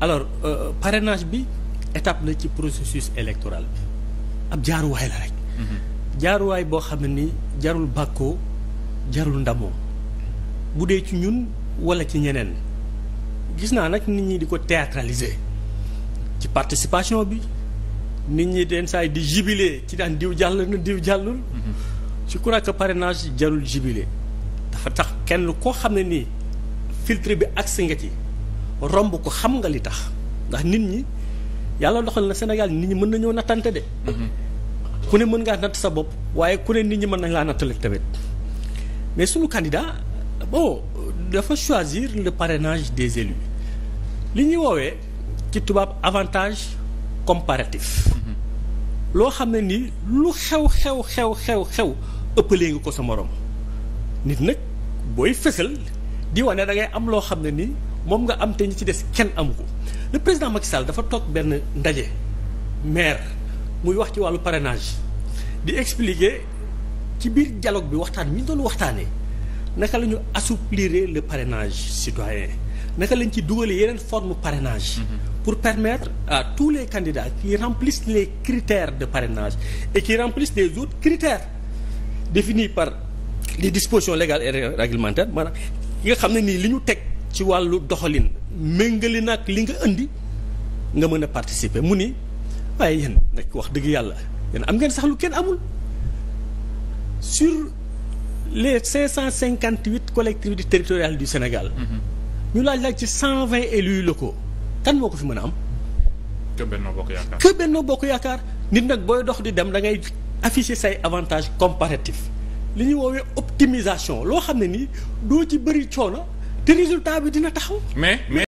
alors euh, parrainage bi étape la ci processus électoral bi ab jaaruwaay la rek. Mhm. jaaruwaay boo xam ne ni jarul bàkkoo jarul ndamoo bu dee ci ñun wala ci ñeneen gis naa nag nit ñi di ko théâtraliser ci participation bi nit ñi den saay di jubiler ci daan diw jàll na diw jàllul. Mhm. je crois parenage jarul jubiler dafa tax kenn koo xam ne ni filtre bi ak nga romb ko xam nga li tax ndax nit ñi yàlla doxal na Sénégal nit ñi mën nañoo nattante de. ku ne mën ngaa natt sa bopp waaye ku ne nit ñi mën nañ laa nattale tamit mais suñu candidat bon dafa choisir le parrainage des élus li ñuy woowee ci tubaab avantage comparatif. loo xam ne nii lu xew xew xew xew xew ëppalee nga ko sa morom nit nag booy fësal di wane da ngay am loo xam ne nii. moom nga am te ñi ci des kenn amu ko le président Macky Sall dafa toog benn ndaje maire muy wax ci wàllu parrainage di expliquer ci biir dialogue bi waxtaan mi ñu doon waxtaanee naka la ñu le parrainage citoyen naka lañ ci dugalee yeneen forme parrainage mhm. pour permettre à tous les candidats qui remplissent les critères de parrainage et qui remplissent les autres critères définis par les dispositions légales et réglementaires maanaam yi nga xam ne nii li ñu teg ci wàllu doxalin méngali nag li nga indi nga mën a participer mu ni waaye yéen nag wax dëgg yàlla yéen am ngeen sax lu kenn amul sur les cinq cent cinquante huit collectivités territoriales du Sénégal mm-hmm. ñu laaj laaj ci cent vingt élus locaux kan moo ko fi mën a am que Benno Bokk Yaakaar que Benno Bokk Yaakaar nit nag booy dox di dem da ngay afficher say avantages comparatifs li ñuy woowee optimisation loo xam ne nii doo ci bëri coono te résultat bi dina taxaw mais mais